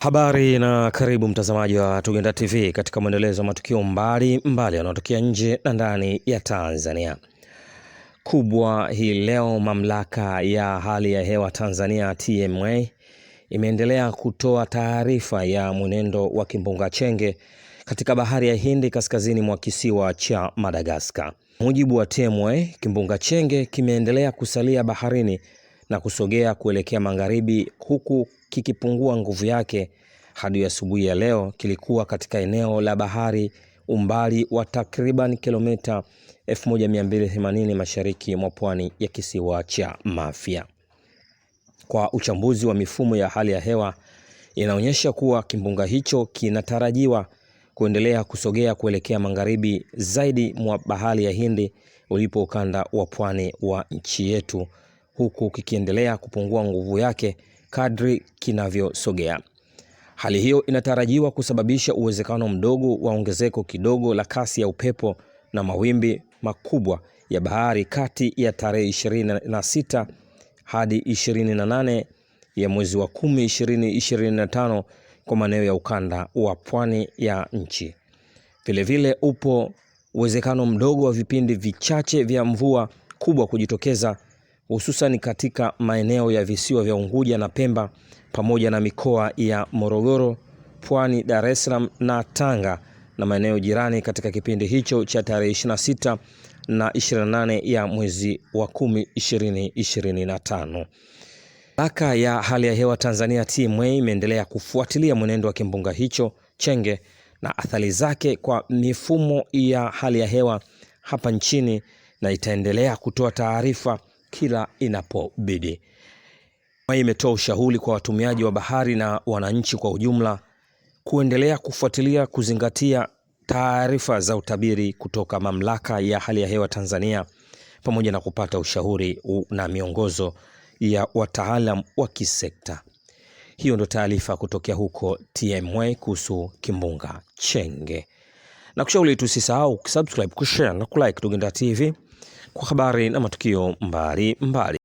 Habari na karibu mtazamaji wa Tugenda TV katika mwendelezo wa matukio mbali mbali yanayotokea nje na ndani ya Tanzania. Kubwa hii leo, mamlaka ya hali ya hewa Tanzania TMA imeendelea kutoa taarifa ya mwenendo wa kimbunga Chenge katika bahari ya Hindi kaskazini mwa kisiwa cha Madagaskar. Mujibu wa TMA, kimbunga Chenge kimeendelea kusalia baharini na kusogea kuelekea magharibi huku kikipungua nguvu yake hadi asubuhi ya leo kilikuwa katika eneo la bahari umbali wa takriban kilomita 1280 mashariki mwa pwani ya kisiwa cha Mafia. Kwa uchambuzi wa mifumo ya hali ya hewa, inaonyesha kuwa kimbunga hicho kinatarajiwa kuendelea kusogea kuelekea magharibi zaidi mwa bahari ya Hindi ulipo ukanda wa pwani wa nchi yetu huku kikiendelea kupungua nguvu yake kadri kinavyosogea. Hali hiyo inatarajiwa kusababisha uwezekano mdogo wa ongezeko kidogo la kasi ya upepo na mawimbi makubwa ya bahari kati ya tarehe 26 hadi 28 ya mwezi wa 10 kwa maeneo ya ukanda wa pwani ya nchi. Vilevile upo uwezekano mdogo wa vipindi vichache vya mvua kubwa kujitokeza hususan katika maeneo ya visiwa vya Unguja na Pemba pamoja na mikoa ya Morogoro, Pwani, Dar es Salaam na Tanga na maeneo jirani katika kipindi hicho cha tarehe 26 na 28 ya mwezi wa 10 2025. Mamlaka ya hali ya hewa Tanzania TMA imeendelea kufuatilia mwenendo wa kimbunga hicho Chenge na athari zake kwa mifumo ya hali ya hewa hapa nchini na itaendelea kutoa taarifa kila inapobidi. Imetoa ushauri kwa watumiaji wa bahari na wananchi kwa ujumla kuendelea kufuatilia, kuzingatia taarifa za utabiri kutoka Mamlaka ya Hali ya Hewa Tanzania pamoja na kupata ushauri na miongozo ya wataalam wa kisekta. Hiyo ndo taarifa kutokea huko TMA kuhusu kimbunga Chenge, na tusisahau kusubscribe, kushare na kulike Tugenda TV kwa habari na matukio mbali mbali.